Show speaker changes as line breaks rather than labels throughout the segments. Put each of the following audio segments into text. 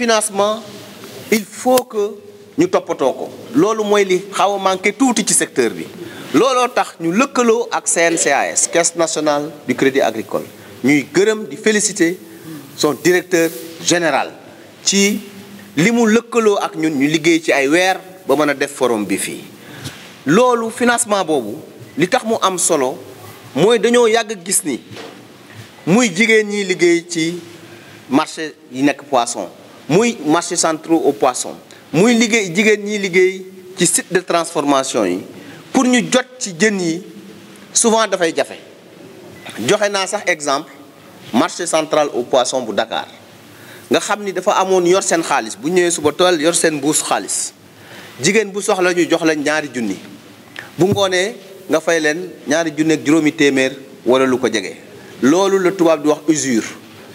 financement il faut que ñu toppatoo ko loolu mooy li xaw a manqué tuuti ci secteur bi looloo tax ñu lëkkaloo ak CNCAS caisse nationale du crédit agricole Nous gërëm di féliciter son directeur général ci li le lëkkaloo ak ñun ñu liggéey ci ay weer ba mën a def forum bi fii loolu financement boobu li tax mu am solo mooy dañoo yàgg gis ni muy jigéen ñiy liggéey ci marché yi poisson muy marché centraux au poisson, muy poisson. jigen ci de transformation yi pour ñu jot ci jën yi souvent fay jafé joxé na sax exemple marché central au poisson bu Dakar nga avons fait dafa choses yor sen xaliss bu ñëwee suba avons yor sen choses xaliss jigen bu soxla ñu jox la ñaari junni bu ngone nga fay len ñaari junni ak juroomi témèr wala lu ko loolu la Nous di wax usure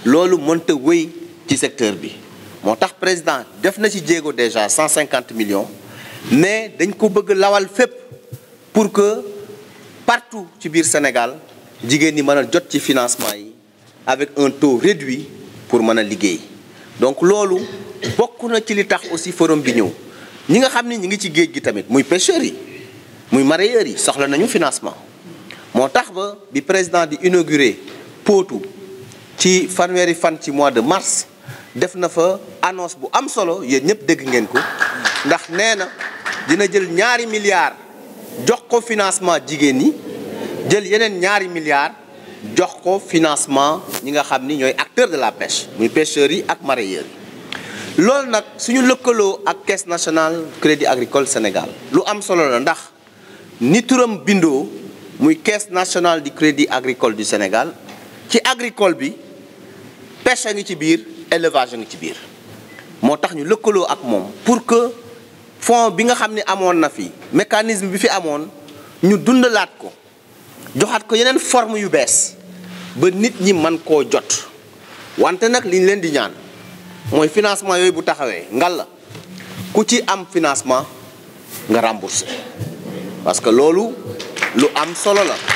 lolu monte wey ci secteur bi mon président def ci déjà 150 millions mais dañ ko bëgg lawal fep pour que partout ci biir Sénégal jigéen ñi mën jot ci financement yi avec un taux réduit pour mën liguer. donc lolu bokku na ci li tax aussi forum bi ñëw ñi nga xamni ni ñi ngi ci géej gi tamit muy pêcheurs yi muy mareyeurs yi soxla nañu financement Mon tax ba bi président di inaugurer Potou ci fanweeri fan ci mois de mars def na fa annonce bu am solo yéen ñëpp dégg ngeen ko ndax nee na dina jël ñaari milliards jox ko financement jigéen ñi jël yeneen ñaari milliards jox ko financement ñi nga xam ni ñooy acteurs de la pêche muy pêcheurs yi ak mareyeurs yi. loolu nag suñu lëkkaloo ak caisse nationale crédit agricole Sénégal lu am solo la ndax ni turam bindoo muy caisse nationale du crédit agricole du Sénégal ci agricole bi pêche a ngi ci biir. élevage a ngi ci biir moo tax ñu lëkkaloo ak moom pour que fonds bi nga xam ne amoon na fi mécanisme bi fi amoon ñu dundalaat ko joxaat ko yeneen forme yu bees ba nit ñi man koo jot wante nag liñ leen di ñaan mooy financement yooyu bu taxawee ngal la ku ci am financement nga remboursé parce loolu lu am solo la